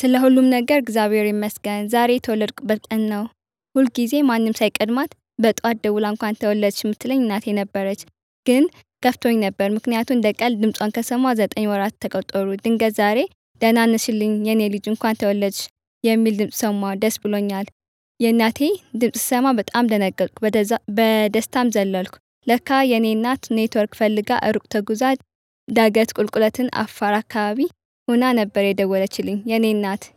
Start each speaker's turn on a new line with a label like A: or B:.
A: ስለ ሁሉም ነገር እግዚአብሔር ይመስገን። ዛሬ የተወለድኩበት ቀን ነው። ሁልጊዜ ማንም ሳይቀድማት በጠዋት ደውላ እንኳን ተወለድሽ የምትለኝ እናቴ ነበረች። ግን ከፍቶኝ ነበር፣ ምክንያቱም እንደ ቀል ድምጿን ከሰማ ዘጠኝ ወራት ተቆጠሩ። ድንገት ዛሬ ደህና ነሽልኝ የኔ ልጅ እንኳን ተወለድሽ የሚል ድምፅ ሰማ። ደስ ብሎኛል። የእናቴ ድምፅ ሰማ በጣም ደነገጥኩ፣ በደስታም ዘለልኩ። ለካ የእኔ እናት ኔትወርክ ፈልጋ ሩቅ ተጉዛ ዳገት ቁልቁለትን አፋር አካባቢ ሆና ነበር የደወለችልኝ የኔ
B: እናት